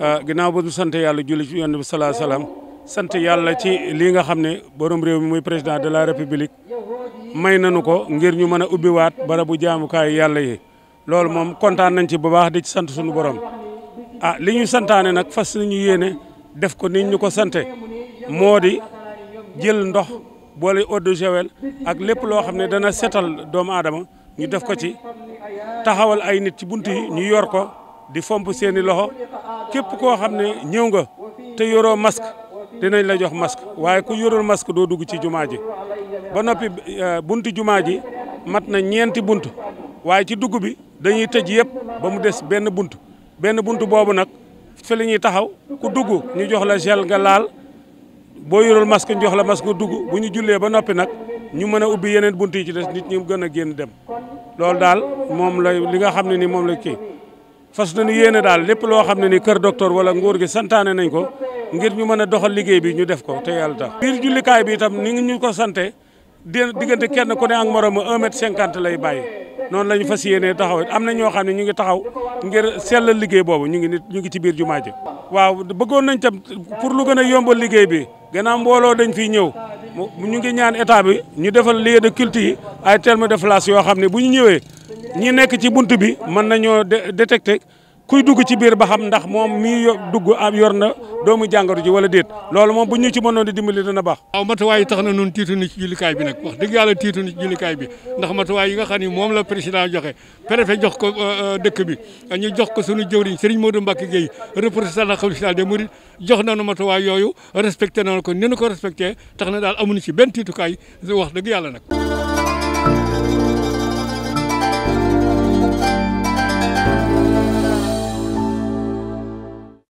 Euh, ginnaaw ba ñu sant yàlla julli ci yonent bi salaa salaam sant yàlla ci lii nga xam ne borom réew mi muy président de la république may nañu ko ngir ñu mën a ubbiwaat barabu jaamukaay yàlla yi loolu moom kontaan nañ ci bu baax di ci sant suñu borom ah li ñu santaane nag fas nañu yéene def ko nit ñu ko sante moo di jël ndox boole eau de javel ak lépp loo xam ne dana setal doomu aadama ñu def ko ci taxawal ay nit ci bunt yi ñu yor ko di fomp seeni loxo képp koo xam ne ñëw nga te yoroo masque dinañ la jox masque waaye ku yorul masque doo dugg ci jumaa ji ba noppi eh, bunt jumaa ji mat na ñeenti bunt waaye ci dugg bi dañuy tëj yëpp ba mu des benn bunt benn bunt boobu nag fi la ñuy taxaw ku dugg ñu jox la gel nga laal boo yorul masque ñu jox la masque dugg bu ñu jullee ba noppi nag ñu mën a ubbi yeneen bunt yi ci des nit ñi gën a génn dem loolu daal moom la li nga xam ne ni moom la kii fas nañu yéene daal lépp loo xam ne ni kër docteur wala nguur gi santaane nañ ko ngir ñu mën a doxal liggéey bi ñu def ko te yàlla tax biir jullikaay bi itam ni ngi ñu ko sante diggante kenn ku ne ak moroom un mètre cinquante lay bàyyi noonu la ñu fas yéenee taxaw am na ñoo xam ne ñu ngi taxaw ngir sellal liggéey boobu ñu ngi nit ñu ngi ci biir jumaa ji waaw bëggoon nañ tam pour lu gën a yombal liggéey bi gannaaw mbooloo dañ fiy ñëw ñu ngi ñaan état bi ñu defal lieu de culte yi ay yoo xam ne bu ñu ñëwee ñi nekk ci bunt bi mën nañoo détecter kuy dugg ci biir ba xam ndax moom mii dugg am yor na doomu jàngoro ji wala déet loolu moom bu ñu ci mënoon di dimbali dana baax. waaw matuwaay tax na ñun tiitu ni ci jullikaay bi nag wax dëgg yàlla tiitu ni ci bi ndax matuwaay yi nga xam ni moom la président joxe préfet jox ko euh, euh, dëkk bi ñu jox ko sunu jëwriñ Serigne Modou Mbacke Gueye représentant xalifa général des mourides jox nañu matuwaay yooyu respecté nañu ko ni ñu ko respecté tax na daal amuñu ci benn tiitukaay wax dëgg yàlla nag.